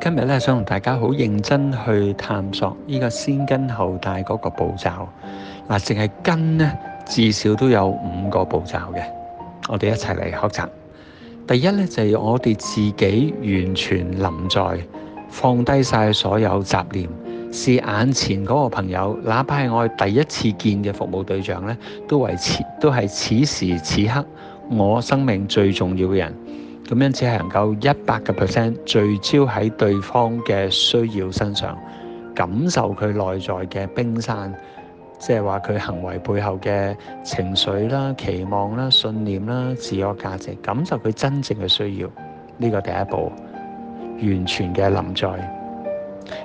今日呢，想同大家好認真去探索呢個先跟後帶嗰個步驟。嗱，淨係跟呢，至少都有五個步驟嘅，我哋一齊嚟學習。第一呢就係、是、我哋自己完全臨在，放低晒所有雜念，視眼前嗰個朋友，哪怕係我第一次見嘅服務對象呢，都維持都係此時此刻我生命最重要嘅人。咁樣只係能夠一百個 percent 聚焦喺對方嘅需要身上，感受佢內在嘅冰山，即係話佢行為背後嘅情緒啦、期望啦、信念啦、自我價值，感受佢真正嘅需要。呢個第一步，完全嘅臨在。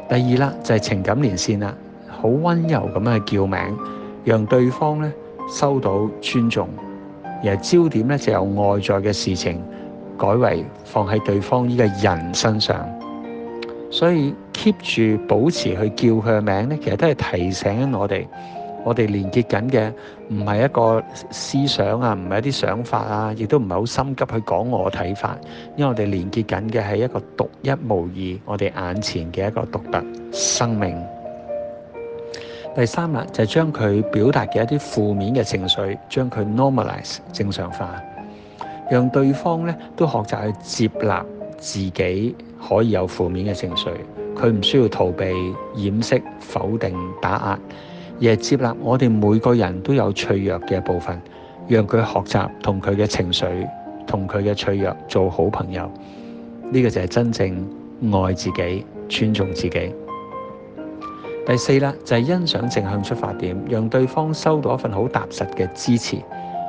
第二啦，就係情感連線啦，好溫柔咁樣叫名，讓對方咧收到尊重，而係焦點咧就有外在嘅事情。改為放喺對方呢個人身上，所以 keep 住保持去叫佢嘅名咧，其實都係提醒我哋，我哋連結緊嘅唔係一個思想啊，唔係一啲想法啊，亦都唔係好心急去講我嘅睇法，因為我哋連結緊嘅係一個獨一無二，我哋眼前嘅一個獨特生命。第三粒就係將佢表達嘅一啲負面嘅情緒，將佢 normalize 正常化。讓對方咧都學習去接納自己可以有負面嘅情緒，佢唔需要逃避、掩飾、否定、打壓，而係接納。我哋每個人都有脆弱嘅部分，讓佢學習同佢嘅情緒、同佢嘅脆弱做好朋友。呢、這個就係真正愛自己、尊重自己。第四啦，就係、是、欣賞正向出發點，讓對方收到一份好踏實嘅支持。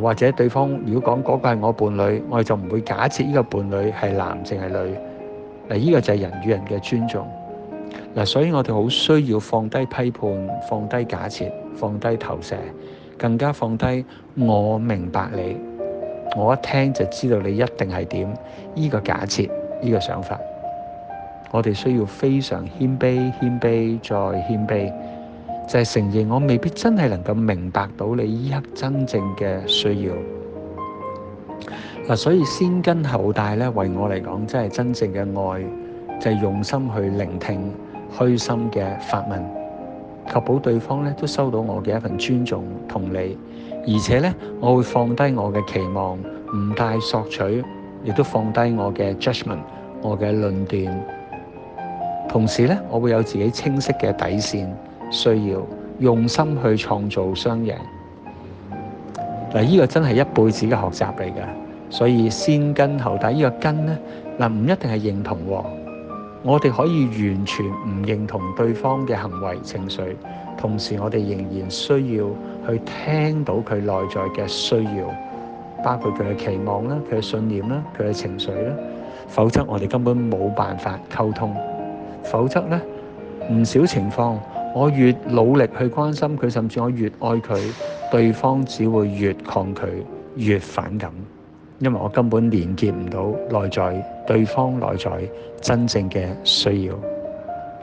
或者對方如果講嗰個係我伴侶，我哋就唔會假設呢個伴侶係男淨係女。嗱，呢個就係人與人嘅尊重。嗱，所以我哋好需要放低批判，放低假設，放低投射，更加放低我明白你，我一聽就知道你一定係點。呢個假設，呢個想法，我哋需要非常謙卑，謙卑再謙卑。就係承認我未必真係能夠明白到你依刻真正嘅需要嗱、啊，所以先跟後帶咧，為我嚟講，真係真正嘅愛就係、是、用心去聆聽，虛心嘅發問，確保對方咧都收到我嘅一份尊重同理，而且咧，我會放低我嘅期望，唔帶索取，亦都放低我嘅 judgment 我嘅論斷，同時咧，我會有自己清晰嘅底線。需要用心去創造雙贏嗱，依個真係一輩子嘅學習嚟㗎。所以先跟後帶依個跟咧嗱，唔一定係認同喎。我哋可以完全唔認同對方嘅行為、情緒，同時我哋仍然需要去聽到佢內在嘅需要，包括佢嘅期望啦、佢嘅信念啦、佢嘅情緒啦。否則我哋根本冇辦法溝通。否則咧，唔少情況。我越努力去關心佢，甚至我越愛佢，對方只會越抗拒、越反感，因為我根本連結唔到內在對方內在真正嘅需要。